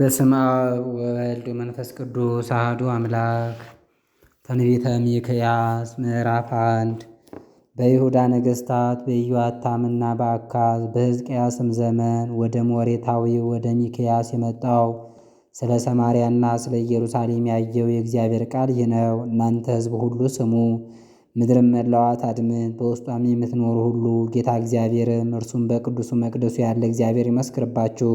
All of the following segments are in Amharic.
በስመ አብ ወወልድ ወመንፈስ ቅዱስ አሐዱ አምላክ። ትንቢተ ሚክያስ ምዕራፍ አንድ በይሁዳ ነገሥታት በኢዮአታምና በአካዝ በሕዝቅያስም ዘመን ወደ ሞሬታዊው ወደ ሚክያስ የመጣው ስለ ሰማርያና ስለ ኢየሩሳሌም ያየው የእግዚአብሔር ቃል ይህ ነው። እናንተ ሕዝብ ሁሉ ስሙ፣ ምድርም መላዋት አድምጥ፣ በውስጧም የምትኖሩ ሁሉ ጌታ እግዚአብሔርም እርሱም በቅዱሱ መቅደሱ ያለ እግዚአብሔር ይመስክርባችሁ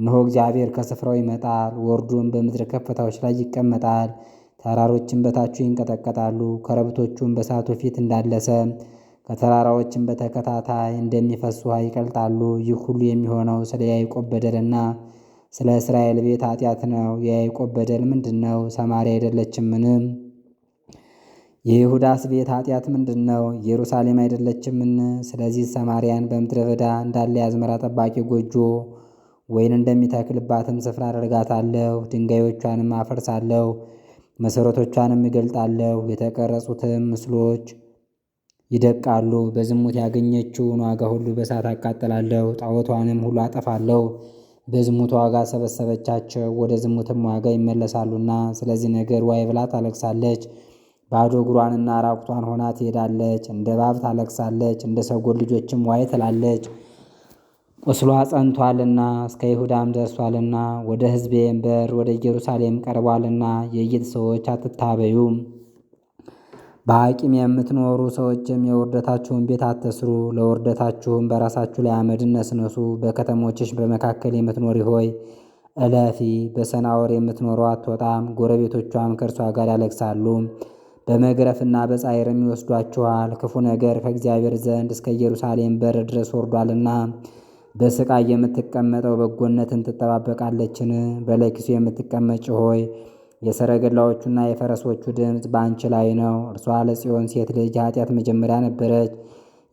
እነሆ እግዚአብሔር ከስፍራው ይመጣል፣ ወርዱም በምድር ከፍታዎች ላይ ይቀመጣል። ተራሮችም በታቹ ይንቀጠቀጣሉ፣ ከረብቶቹም በሳቱ ፊት እንዳለሰ ከተራራዎችም በተከታታይ እንደሚፈስ ውሃ ይቀልጣሉ። ይህ ሁሉ የሚሆነው ስለ ያዕቆብ በደልና ስለ እስራኤል ቤት ኃጢአት ነው። የያዕቆብ በደል ምንድን ነው? ሰማርያ አይደለችምን? የይሁዳስ ቤት ኃጢአት ምንድን ነው? ኢየሩሳሌም አይደለችምን? ስለዚህ ሰማርያን በምድረ በዳ እንዳለ የአዝመራ ጠባቂ ጎጆ ወይን እንደሚተክልባትም ስፍራ አደርጋታለሁ። ድንጋዮቿንም አፈርሳለሁ፣ መሠረቶቿንም እገልጣለሁ። የተቀረጹትም ምስሎች ይደቃሉ። በዝሙት ያገኘችውን ዋጋ ሁሉ በእሳት አቃጥላለሁ፣ ጣዖቷንም ሁሉ አጠፋለሁ። በዝሙት ዋጋ ሰበሰበቻቸው፣ ወደ ዝሙትም ዋጋ ይመለሳሉና። ስለዚህ ነገር ዋይ ብላ ታለቅሳለች፣ ባዶ እግሯንና ራቁቷን ሆና ትሄዳለች። እንደ እባብ ታለቅሳለች፣ እንደ ሰጎን ልጆችም ዋይ ትላለች። ቁስሏ ጸንቷልና እስከ ይሁዳም ደርሷልና ወደ ሕዝቤም በር ወደ ኢየሩሳሌም ቀርቧልና የይት ሰዎች አትታበዩ። በአቂም የምትኖሩ ሰዎችም የውርደታችሁን ቤት አትስሩ፣ ለውርደታችሁም በራሳችሁ ላይ አመድን ነስነሱ። በከተሞችሽ በመካከል የምትኖሪ ሆይ እለፊ። በሰናወር የምትኖሩ አትወጣም፣ ጎረቤቶቿም ከእርሷ ጋር ያለቅሳሉ። በመግረፍና በጻይርም ይወስዷችኋል። ክፉ ነገር ከእግዚአብሔር ዘንድ እስከ ኢየሩሳሌም በር ድረስ ወርዷልና በስቃይ የምትቀመጠው በጎነትን ትጠባበቃለችን? በለኪሶ የምትቀመጭ ሆይ የሰረገላዎቹና የፈረሶቹ ድምፅ በአንቺ ላይ ነው። እርሷ ለጽዮን ሴት ልጅ ኃጢአት መጀመሪያ ነበረች፣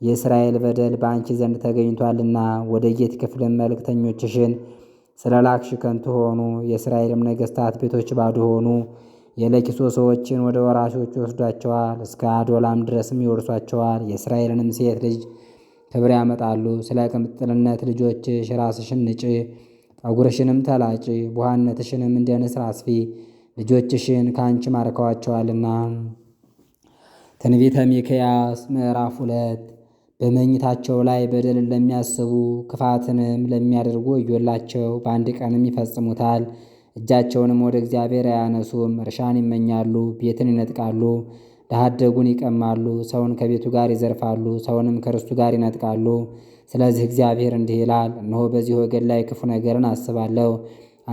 የእስራኤል በደል በአንቺ ዘንድ ተገኝቷልና። ወደ ጌት ክፍልም መልእክተኞችሽን ስለ ላክሽ ከንቱ ሆኑ፣ የእስራኤልም ነገሥታት ቤቶች ባዶ ሆኑ። የለኪሶ ሰዎችን ወደ ወራሾች ይወስዷቸዋል፣ እስከ አዶላም ድረስም ይወርሷቸዋል። የእስራኤልንም ሴት ልጅ ክብር ያመጣሉ። ስለ ቅምጥልነት ልጆችሽ ራስሽን ንጪ፣ ጠጉርሽንም ተላጪ፣ ቡሃነትሽንም እንደ ንስር አስፊ፣ ልጆችሽን ከአንቺ ማርከዋቸዋልና። ትንቢተ ሚክያስ ምዕራፍ ሁለት በመኝታቸው ላይ በደልን ለሚያስቡ ክፋትንም ለሚያደርጉ ወዮላቸው። በአንድ ቀንም ይፈጽሙታል። እጃቸውንም ወደ እግዚአብሔር አያነሱም። እርሻን ይመኛሉ፣ ቤትን ይነጥቃሉ ድሀ ይቀማሉ፣ ሰውን ከቤቱ ጋር ይዘርፋሉ፣ ሰውንም ከርስቱ ጋር ይነጥቃሉ። ስለዚህ እግዚአብሔር እንዲህ ይላል፣ እነሆ በዚህ ወገን ላይ ክፉ ነገርን አስባለሁ።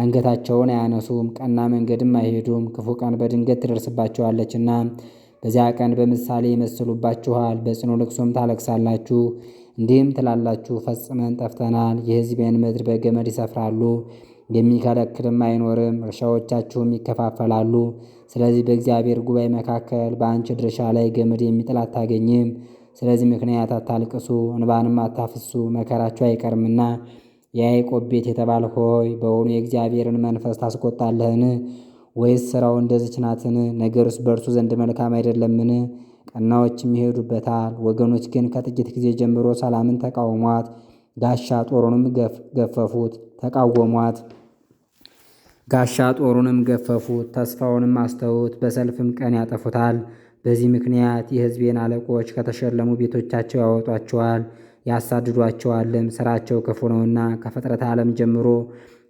አንገታቸውን አያነሱም፣ ቀና መንገድም አይሄዱም። ክፉ ቀን በድንገት ትደርስባቸዋለችና በዚያ ቀን በምሳሌ ይመስሉባችኋል፣ በጽኑ ልቅሶም ታለቅሳላችሁ። እንዲህም ትላላችሁ፣ ፈጽመን ጠፍተናል፣ የሕዝቤን ምድር በገመድ ይሰፍራሉ የሚከለክልም አይኖርም። እርሻዎቻችሁም ይከፋፈላሉ። ስለዚህ በእግዚአብሔር ጉባኤ መካከል በአንቺ ድርሻ ላይ ገመድ የሚጥል አታገኝም። ስለዚህ ምክንያት አታልቅሱ፣ እንባንም አታፍሱ፣ መከራችሁ አይቀርምና። የያዕቆብ ቤት የተባልህ ሆይ በውኑ የእግዚአብሔርን መንፈስ ታስቆጣለህን? ወይስ ሥራው እንደዚች ናትን? ነገሩስ በእርሱ ዘንድ መልካም አይደለምን? ቀናዎችም ይሄዱበታል። ወገኖች ግን ከጥቂት ጊዜ ጀምሮ ሰላምን ተቃውሟት ጋሻ ጦሩንም ገፈፉት፣ ተቃወሟት። ጋሻ ጦሩንም ገፈፉት፣ ተስፋውንም አስተውት በሰልፍም ቀን ያጠፉታል። በዚህ ምክንያት የሕዝቤን አለቆች ከተሸለሙ ቤቶቻቸው ያወጧቸዋል፣ ያሳድዷቸዋልም። ሥራቸው ክፉ ነውና ከፍጥረት ዓለም ጀምሮ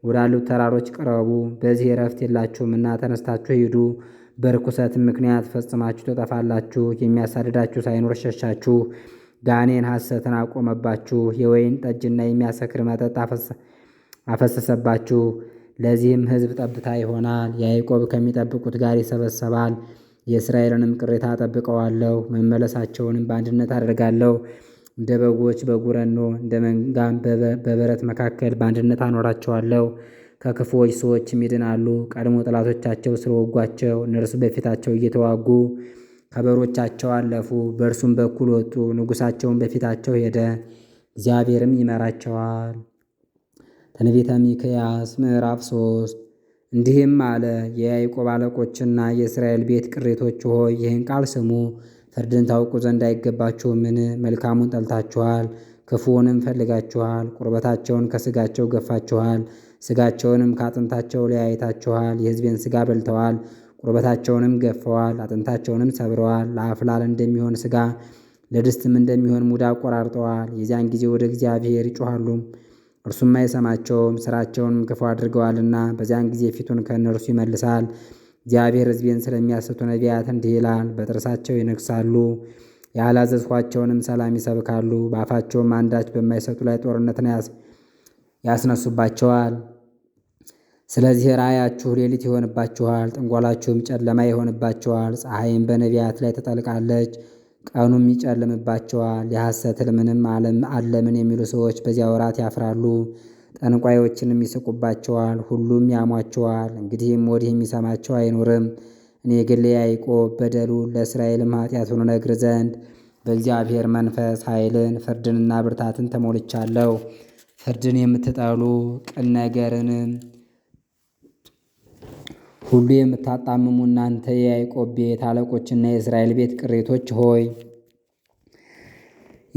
ወዳሉት ተራሮች ቅረቡ። በዚህ እረፍት የላችሁምና ተነስታችሁ ሂዱ። በርኩሰትም ምክንያት ፈጽማችሁ ትጠፋላችሁ። የሚያሳድዳችሁ ሳይኖር ሸሻችሁ። ጋኔን ሐሰትን አቆመባችሁ። የወይን ጠጅና የሚያሰክር መጠጥ አፈሰሰባችሁ። ለዚህም ሕዝብ ጠብታ ይሆናል። ያዕቆብ ከሚጠብቁት ጋር ይሰበሰባል። የእስራኤልንም ቅሬታ ጠብቀዋለሁ። መመለሳቸውንም በአንድነት አደርጋለሁ። እንደ በጎች በጉረኖ እንደ መንጋም በበረት መካከል በአንድነት አኖራቸዋለሁ። ከክፉዎች ሰዎችም ይድናሉ። ቀድሞ ጠላቶቻቸው ስለወጓቸው እነርሱ በፊታቸው እየተዋጉ ከበሮቻቸው አለፉ። በእርሱም በኩል ወጡ። ንጉሳቸውን በፊታቸው ሄደ። እግዚአብሔርም ይመራቸዋል። ትንቢተ ሚክያስ ምዕራፍ ሶስት እንዲህም አለ የያዕቆብ አለቆችና የእስራኤል ቤት ቅሬቶች ሆይ ይህን ቃል ስሙ። ፍርድን ታውቁ ዘንድ አይገባችሁምን? መልካሙን ጠልታችኋል፣ ክፉውንም ፈልጋችኋል። ቁርበታቸውን ከስጋቸው ገፋችኋል፣ ስጋቸውንም ከአጥንታቸው ለያይታችኋል። የሕዝቤን ስጋ በልተዋል፣ ቁርበታቸውንም ገፈዋል፣ አጥንታቸውንም ሰብረዋል። ለአፍላል እንደሚሆን ስጋ ለድስትም እንደሚሆን ሙዳ ቆራርጠዋል። የዚያን ጊዜ ወደ እግዚአብሔር ይጮኋሉም እርሱም አይሰማቸውም፣ ሥራቸውንም ክፉ አድርገዋልና። በዚያን ጊዜ ፊቱን ከእነርሱ ይመልሳል። እግዚአብሔር ሕዝቤን ስለሚያስቱ ነቢያት እንዲህ ይላል፣ በጥርሳቸው ይነግሳሉ፣ ያላዘዝኋቸውንም ሰላም ይሰብካሉ፣ በአፋቸውም አንዳች በማይሰጡ ላይ ጦርነትን ያስነሱባቸዋል። ስለዚህ ራእያችሁ ሌሊት ይሆንባችኋል፣ ጥንቆላችሁም ጨለማ ይሆንባችኋል። ፀሐይም በነቢያት ላይ ትጠልቃለች ቀኑም ይጨልምባቸዋል የሐሰት ምንም አለም አለምን የሚሉ ሰዎች በዚያ ወራት ያፍራሉ። ጠንቋዮችንም ይስቁባቸዋል ሁሉም ያሟቸዋል እንግዲህም ወዲህ የሚሰማቸው አይኖርም። እኔ ግን ለያዕቆብ በደሉ ለእስራኤልም ኃጢአቱን እነግር ዘንድ በእግዚአብሔር መንፈስ ኃይልን ፍርድንና ብርታትን ተሞልቻለሁ። ፍርድን የምትጠሉ ቅን ነገርንም ሁሉ የምታጣምሙ እናንተ የያዕቆብ ቤት አለቆችና የእስራኤል ቤት ቅሬቶች ሆይ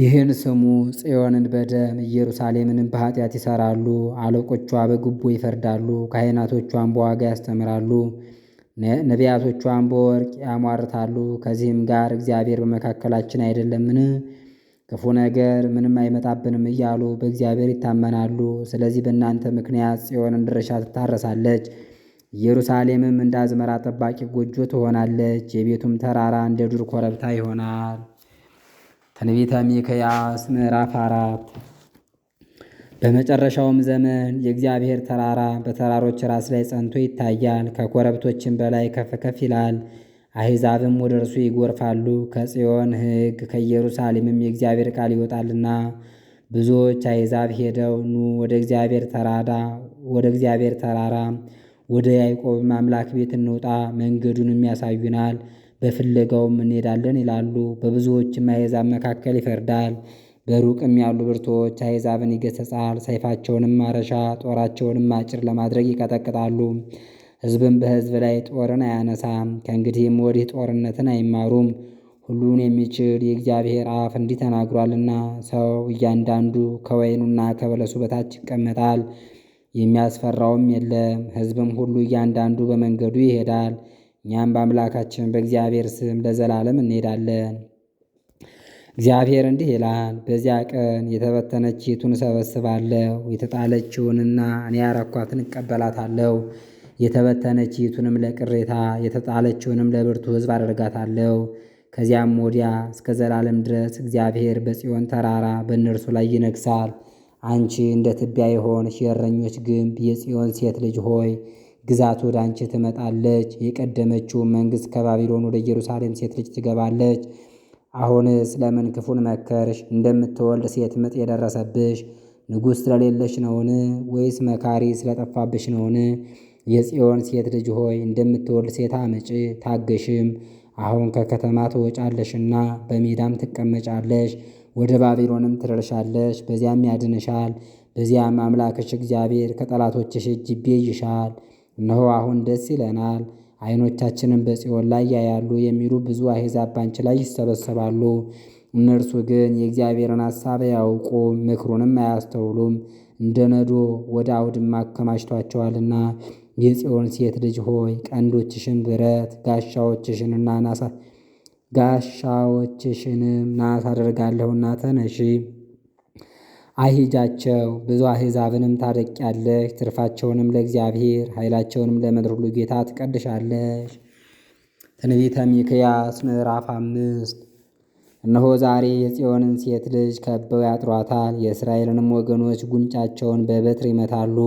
ይህን ስሙ። ጽዮንን በደም ኢየሩሳሌምንም በኃጢአት ይሰራሉ አለቆቿ በጉቦ ይፈርዳሉ፣ ካህናቶቿን በዋጋ ያስተምራሉ፣ ነቢያቶቿን በወርቅ ያሟርታሉ። ከዚህም ጋር እግዚአብሔር በመካከላችን አይደለምን? ክፉ ነገር ምንም አይመጣብንም እያሉ በእግዚአብሔር ይታመናሉ። ስለዚህ በእናንተ ምክንያት ጽዮን እንድርሻ ትታረሳለች። ኢየሩሳሌምም እንደ አዝመራ ጠባቂ ጎጆ ትሆናለች፣ የቤቱም ተራራ እንደ ዱር ኮረብታ ይሆናል። ትንቢተ ሚክያስ ምዕራፍ አራት በመጨረሻውም ዘመን የእግዚአብሔር ተራራ በተራሮች ራስ ላይ ጸንቶ ይታያል፣ ከኮረብቶችም በላይ ከፍ ከፍ ይላል። አሕዛብም ወደ እርሱ ይጎርፋሉ። ከጽዮን ሕግ ከኢየሩሳሌምም የእግዚአብሔር ቃል ይወጣልና ብዙዎች አሕዛብ ሄደው ኑ ወደ እግዚአብሔር ወደ እግዚአብሔር ተራራ ወደ ያዕቆብ አምላክ ቤት እንውጣ መንገዱንም ያሳዩናል በፍለጋውም እንሄዳለን ይላሉ። በብዙዎችም አሕዛብ መካከል ይፈርዳል። በሩቅም ያሉ ብርቶች አሕዛብን ይገሰጻል ሰይፋቸውንም ማረሻ ጦራቸውንም አጭር ለማድረግ ይቀጠቅጣሉ። ሕዝብም በሕዝብ ላይ ጦርን አያነሳም። ከእንግዲህም ወዲህ ጦርነትን አይማሩም። ሁሉን የሚችል የእግዚአብሔር አፍ እንዲህ ተናግሯልና ሰው እያንዳንዱ ከወይኑና ከበለሱ በታች ይቀመጣል። የሚያስፈራውም የለም። ሕዝብም ሁሉ እያንዳንዱ በመንገዱ ይሄዳል። እኛም በአምላካችን በእግዚአብሔር ስም ለዘላለም እንሄዳለን። እግዚአብሔር እንዲህ ይላል፣ በዚያ ቀን የተበተነችቱን እሰበስባለሁ፣ የተጣለችውንና እኔ ያረኳትን እቀበላታለሁ። የተበተነችቱንም ለቅሬታ የተጣለችውንም ለብርቱ ሕዝብ አደርጋታለሁ። ከዚያም ወዲያ እስከ ዘላለም ድረስ እግዚአብሔር በጽዮን ተራራ በእነርሱ ላይ ይነግሳል። አንቺ እንደ ትቢያ የሆንሽ የእረኞች ግንብ የጽዮን ሴት ልጅ ሆይ ግዛት ወደ አንቺ ትመጣለች፣ የቀደመችውን መንግሥት ከባቢሎን ወደ ኢየሩሳሌም ሴት ልጅ ትገባለች። አሁን ለምን ክፉን መከርሽ? እንደምትወልድ ሴት ምጥ የደረሰብሽ ንጉሥ ስለሌለሽ ነውን? ወይስ መካሪ ስለጠፋብሽ ነውን? የጽዮን ሴት ልጅ ሆይ እንደምትወልድ ሴት አመጪ ታገሽም። አሁን ከከተማ ትወጫለሽና በሜዳም ትቀመጫለሽ። ወደ ባቢሎንም ትደርሻለሽ፣ በዚያም ያድንሻል። በዚያም አምላክሽ እግዚአብሔር ከጠላቶችሽ እጅ ይቤዥሻል። እነሆ አሁን ደስ ይለናል፣ ዐይኖቻችንም በጽዮን ላይ ያያሉ የሚሉ ብዙ አሕዛብ ባንቺ ላይ ይሰበሰባሉ። እነርሱ ግን የእግዚአብሔርን ሐሳብ ያውቁ ምክሩንም አያስተውሉም። እንደ ነዶ ወደ አውድማ አከማችቷቸዋልና። የጽዮን ሴት ልጅ ሆይ ቀንዶችሽን ብረት ጋሻዎችሽንና ጋሻዎችሽንም ናስ አደርጋለሁና ተነሺ አሂጃቸው ብዙ አሕዛብንም ታደቂያለሽ፣ ትርፋቸውንም ለእግዚአብሔር ኃይላቸውንም ለምድር ሁሉ ጌታ ትቀድሻለሽ። ትንቢተ ሚክያስ ምዕራፍ አምስት እነሆ ዛሬ የጽዮንን ሴት ልጅ ከበው ያጥሯታል፣ የእስራኤልንም ወገኖች ጉንጫቸውን በበትር ይመታሉ።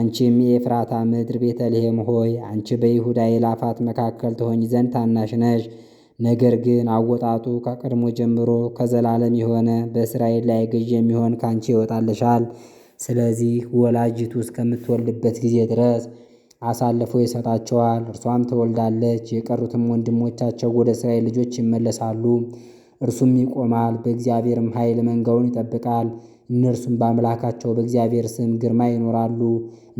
አንቺም የኤፍራታ ምድር ቤተልሔም ሆይ አንቺ በይሁዳ የላፋት መካከል ትሆኝ ዘንድ ታናሽ ነሽ። ነገር ግን አወጣጡ ከቀድሞ ጀምሮ ከዘላለም የሆነ በእስራኤል ላይ ገዥ የሚሆን ካንቺ ይወጣልሻል። ስለዚህ ወላጅቱ እስከምትወልድበት ጊዜ ድረስ አሳልፎ ይሰጣቸዋል። እርሷም ትወልዳለች፣ የቀሩትም ወንድሞቻቸው ወደ እስራኤል ልጆች ይመለሳሉ። እርሱም ይቆማል፣ በእግዚአብሔርም ኃይል መንጋውን ይጠብቃል። እነርሱም በአምላካቸው በእግዚአብሔር ስም ግርማ ይኖራሉ።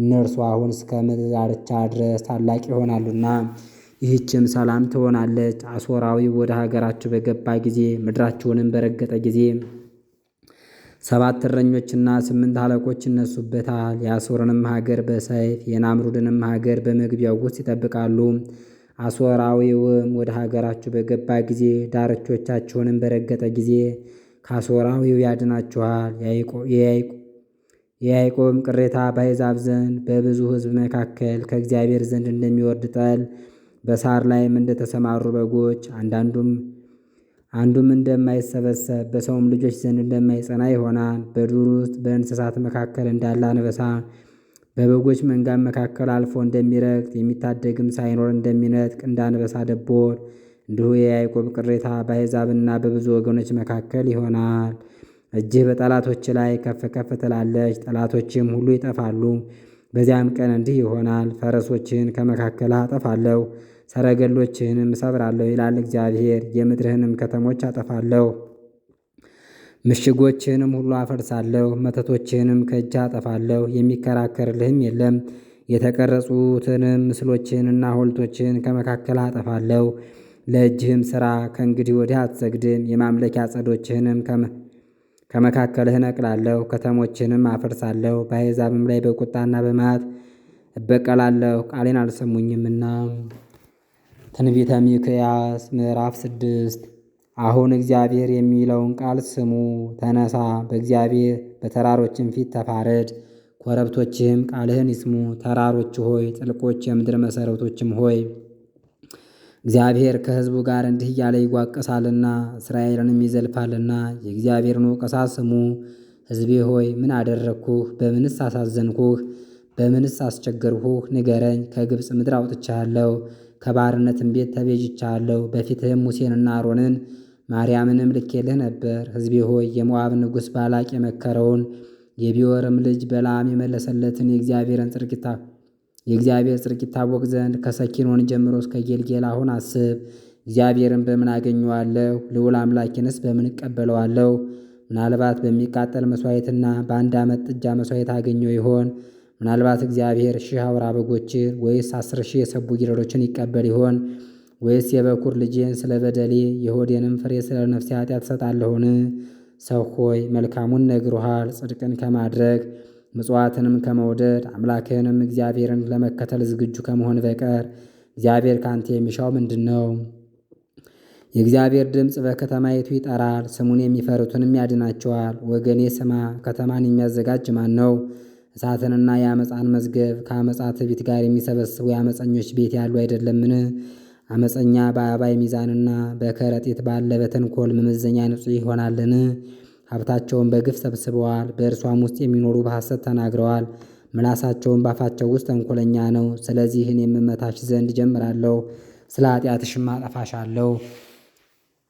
እነርሱ አሁን እስከ ምድር ዳርቻ ድረስ ታላቅ ይሆናሉና ይህችም ሰላም ትሆናለች። አሦራዊው ወደ ሀገራችሁ በገባ ጊዜ ምድራችሁንም በረገጠ ጊዜ ሰባት እረኞችና ስምንት አለቆች ይነሱበታል። የአሦርንም ሀገር በሰይፍ የናምሩድንም ሀገር በመግቢያው ውስጥ ይጠብቃሉ። አሦራዊውም ወደ ሀገራችሁ በገባ ጊዜ ዳርቾቻችሁንም በረገጠ ጊዜ ከአሦራዊው ያድናችኋል። የያይቆብም ቅሬታ በአሕዛብ ዘንድ በብዙ ሕዝብ መካከል ከእግዚአብሔር ዘንድ እንደሚወርድ ጠል በሳር ላይም እንደተሰማሩ በጎች አንዳንዱም አንዱም እንደማይሰበሰብ በሰውም ልጆች ዘንድ እንደማይጸና ይሆናል። በዱር ውስጥ በእንስሳት መካከል እንዳለ አንበሳ በበጎች መንጋ መካከል አልፎ እንደሚረግጥ የሚታደግም ሳይኖር እንደሚነጥቅ እንደ አንበሳ ደቦል እንዲሁ የያዕቆብ ቅሬታ በአሕዛብና በብዙ ወገኖች መካከል ይሆናል። እጅህ በጠላቶች ላይ ከፍ ከፍ ትላለች፣ ጠላቶችም ሁሉ ይጠፋሉ። በዚያም ቀን እንዲህ ይሆናል፣ ፈረሶችን ከመካከልህ አጠፋለሁ ሰረገሎችህንም እሰብራለሁ ይላል እግዚአብሔር፣ የምድርህንም ከተሞች አጠፋለሁ፣ ምሽጎችህንም ሁሉ አፈርሳለሁ፣ መተቶችህንም ከእጅ አጠፋለሁ፣ የሚከራከርልህም የለም። የተቀረጹትንም ምስሎችህንና ሐውልቶችህን ከመካከል አጠፋለሁ። ለእጅህም ሥራ ከእንግዲህ ወዲህ አትሰግድም። የማምለኪያ ጸዶችህንም ከመካከልህ እነቅላለሁ፣ ከተሞችህንም አፈርሳለሁ። በአሕዛብም ላይ በቁጣና በመዓት እበቀላለሁ፣ ቃሌን አልሰሙኝምና። ትንቢተ ሚክያስ ምዕራፍ ስድስት አሁን እግዚአብሔር የሚለውን ቃል ስሙ። ተነሳ፣ በእግዚአብሔር በተራሮችም ፊት ተፋረድ፣ ኮረብቶችህም ቃልህን ይስሙ። ተራሮች ሆይ ጥልቆች፣ የምድር መሠረቶችም ሆይ እግዚአብሔር ከሕዝቡ ጋር እንዲህ እያለ ይዋቀሳልና እስራኤልንም ይዘልፋልና የእግዚአብሔርን ወቀሳ ስሙ። ሕዝቤ ሆይ ምን አደረግኩህ? በምንስ አሳዘንኩህ? በምንስ አስቸገርሁህ? ንገረኝ፣ ከግብፅ ምድር አውጥቻለሁ። ከባርነትም ቤት ተቤዥቻለሁ። በፊትህም ሙሴንና አሮንን ማርያምንም ልኬልህ ነበር። ሕዝቤ ሆይ የሞዓብ ንጉሥ ባላቅ የመከረውን የቢወርም ልጅ በላም የመለሰለትን የእግዚአብሔርን ጽድቅ የእግዚአብሔር ጽርቅ ይታወቅ ዘንድ ከሰኪኖን ጀምሮ እስከ ጌልጌል አሁን አስብ። እግዚአብሔርን በምን አገኘዋለሁ? ልዑል አምላኬንስ በምን እቀበለዋለሁ? ምናልባት በሚቃጠል መሥዋዕትና በአንድ ዓመት ጥጃ መሥዋዕት አገኘው ይሆን? ምናልባት እግዚአብሔር ሺህ አውራ በጎች ወይስ አስር ሺህ የሰቡ ጊደሮችን ይቀበል ይሆን? ወይስ የበኩር ልጄን ስለ በደሌ የሆዴንም ፍሬ ስለ ነፍሴ ኃጢአት ትሰጣለሁን? ሰው ሆይ መልካሙን ነግሮሃል። ጽድቅን ከማድረግ ምጽዋትንም ከመውደድ አምላክህንም እግዚአብሔርን ለመከተል ዝግጁ ከመሆን በቀር እግዚአብሔር ካንተ የሚሻው ምንድን ነው? የእግዚአብሔር ድምፅ በከተማይቱ ይጠራል፣ ስሙን የሚፈሩትንም ያድናቸዋል። ወገኔ ስማ፣ ከተማን የሚያዘጋጅ ማን ነው? እሳትንና የአመፃን መዝገብ ከአመፃ ትቢት ጋር የሚሰበስቡ የአመፀኞች ቤት ያሉ አይደለምን? አመፀኛ በአባይ ሚዛንና በከረጢት ባለ በተንኮል መመዘኛ ንጹሕ ይሆናልን? ሀብታቸውን በግፍ ሰብስበዋል፣ በእርሷም ውስጥ የሚኖሩ በሐሰት ተናግረዋል። ምላሳቸውን ባፋቸው ውስጥ ተንኮለኛ ነው። ስለዚህን የምመታሽ ዘንድ ጀምራለሁ። ስለ ኃጢአትሽም አጠፋሻለሁ።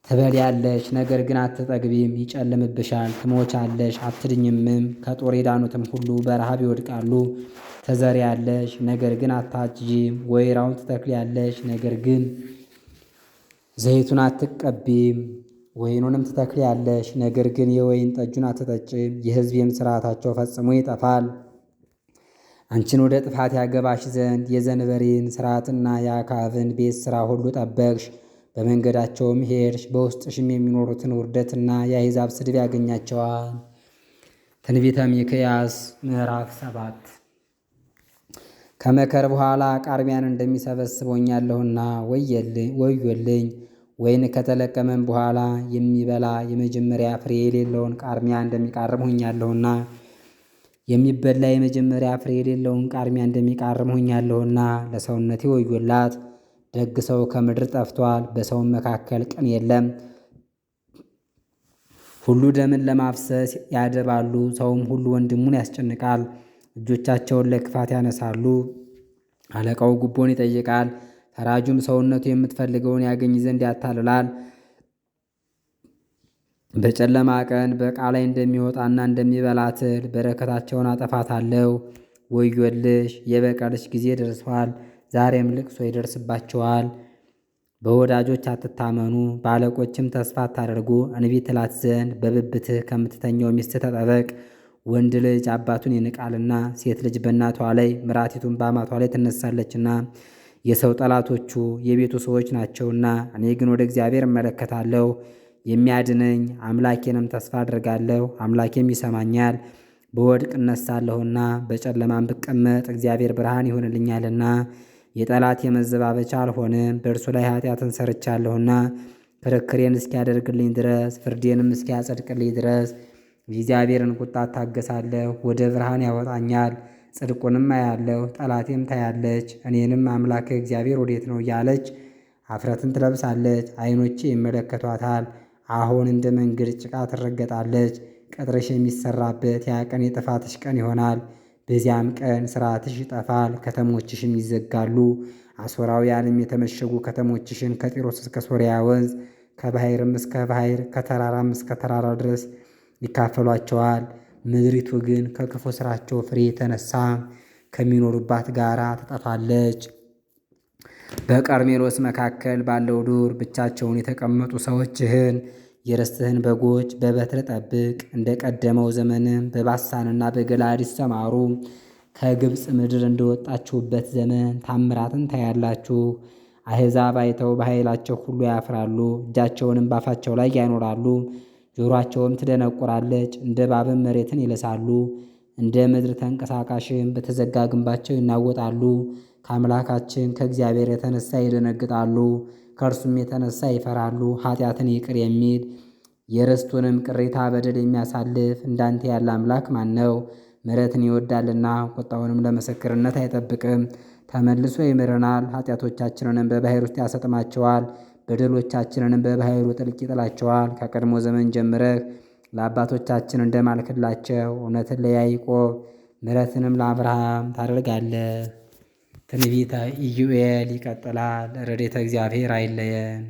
ትበልያለሽ፣ ነገር ግን አትጠግቢም፣ ይጨልምብሻል፣ ትሞቻለሽ፣ አትድኝምም። ከጦር የዳኑትም ሁሉ በረሃብ ይወድቃሉ። ትዘሪያለሽ፣ ነገር ግን አታጭጂም፣ ወይራውን ትተክሊያለሽ፣ ነገር ግን ዘይቱን አትቀቢም። ወይኑንም ትተክሊያለሽ፣ ነገር ግን የወይን ጠጁን አትጠጭም። የሕዝቤም ስርዓታቸው ፈጽሞ ይጠፋል። አንቺን ወደ ጥፋት ያገባሽ ዘንድ የዘንበሪን ስርዓትና የአካብን ቤት ስራ ሁሉ ጠበቅሽ። በመንገዳቸውም ሄድሽ በውስጥሽም የሚኖሩትን ውርደትና የአሕዛብ ስድብ ያገኛቸዋል። ትንቢተ ሚክያስ ምዕራፍ ሰባት ከመከር በኋላ ቃርሚያን እንደሚሰበስቦኛለሁና ወዮልኝ። ወይን ከተለቀመም በኋላ የሚበላ የመጀመሪያ ፍሬ የሌለውን ቃርሚያ እንደሚቃርም ሆኛለሁና የሚበላ የመጀመሪያ ፍሬ የሌለውን ቃርሚያ እንደሚቃርም ሆኛለሁና ለሰውነቴ ወዮላት። ደግ ሰው ከምድር ጠፍቷል፣ በሰውም መካከል ቅን የለም። ሁሉ ደምን ለማፍሰስ ያደባሉ፣ ሰውም ሁሉ ወንድሙን ያስጨንቃል። እጆቻቸውን ለክፋት ያነሳሉ፣ አለቃው ጉቦን ይጠይቃል፣ ተራጁም ሰውነቱ የምትፈልገውን ያገኝ ዘንድ ያታልላል። በጨለማ ቀን በዕቃ ላይ እንደሚወጣና እንደሚበላትል በረከታቸውን አጠፋታለሁ። ወዮልሽ! የበቀልሽ ጊዜ ደርሷል። ዛሬም ልቅሶ ይደርስባቸዋል። በወዳጆች አትታመኑ፣ በአለቆችም ተስፋ አታደርጉ። እንቢ ትላት ዘንድ በብብትህ ከምትተኘው ሚስት ተጠበቅ። ወንድ ልጅ አባቱን ይንቃልና ሴት ልጅ በእናቷ ላይ ምራቲቱን በአማቷ ላይ ትነሳለችና የሰው ጠላቶቹ የቤቱ ሰዎች ናቸውና። እኔ ግን ወደ እግዚአብሔር እመለከታለሁ፣ የሚያድነኝ አምላኬንም ተስፋ አድርጋለሁ። አምላኬም ይሰማኛል። በወድቅ እነሳለሁና በጨለማም ብቀመጥ እግዚአብሔር ብርሃን ይሆንልኛልና። የጠላት የመዘባበቻ አልሆነም። በእርሱ ላይ ኃጢአትን ሰርቻለሁና ክርክሬን እስኪያደርግልኝ ድረስ ፍርዴንም እስኪያጸድቅልኝ ድረስ የእግዚአብሔርን ቁጣ ታገሳለሁ። ወደ ብርሃን ያወጣኛል፣ ጽድቁንም አያለሁ። ጠላቴም ታያለች፣ እኔንም አምላክ እግዚአብሔር ወዴት ነው እያለች አፍረትን ትለብሳለች። ዓይኖቼ ይመለከቷታል። አሁን እንደ መንገድ ጭቃ ትረገጣለች። ቅጥርሽ የሚሰራበት ያ ቀን የጥፋትሽ ቀን ይሆናል። በዚያም ቀን ስርዓትሽ ይጠፋል፣ ከተሞችሽም ይዘጋሉ። አሦራውያንም የተመሸጉ ከተሞችሽን ከጢሮስ እስከ ሶርያ ወንዝ ከባሕርም እስከ ባሕር ከተራራም እስከ ተራራ ድረስ ይካፈሏቸዋል። ምድሪቱ ግን ከክፉ ሥራቸው ፍሬ የተነሳ ከሚኖሩባት ጋራ ትጠፋለች። በቀርሜሎስ መካከል ባለው ዱር ብቻቸውን የተቀመጡ ሰዎችህን የርስትህን በጎች በበትር ጠብቅ። እንደ ቀደመው ዘመንም በባሳንና በገላድ ይሰማሩ። ከግብፅ ምድር እንደወጣችሁበት ዘመን ታምራትን ታያላችሁ። አሕዛብ አይተው በኃይላቸው ሁሉ ያፍራሉ፣ እጃቸውንም ባፋቸው ላይ ያኖራሉ። ጆሮአቸውም ትደነቁራለች፣ እንደ እባብም መሬትን ይለሳሉ። እንደ ምድር ተንቀሳቃሽም በተዘጋ ግንባቸው ይናወጣሉ። ከአምላካችን ከእግዚአብሔር የተነሳ ይደነግጣሉ። ከእርሱም የተነሳ ይፈራሉ። ኃጢአትን ይቅር የሚል የርስቱንም ቅሬታ በደል የሚያሳልፍ እንዳንተ ያለ አምላክ ማን ነው? ምሕረትን ይወዳልና ቁጣውንም ለምስክርነት አይጠብቅም። ተመልሶ ይምረናል። ኃጢአቶቻችንንም በባሕር ውስጥ ያሰጥማቸዋል። በደሎቻችንንም በባሕሩ ጥልቅ ይጥላቸዋል። ከቀድሞ ዘመን ጀምረህ ለአባቶቻችን እንደማልክላቸው እውነትን ለያይቆ ምሕረትንም ለአብርሃም ታደርጋለህ። ትንቢተ ኢዩኤል ይቀጥላል። ረድኤተ እግዚአብሔር አይለየን።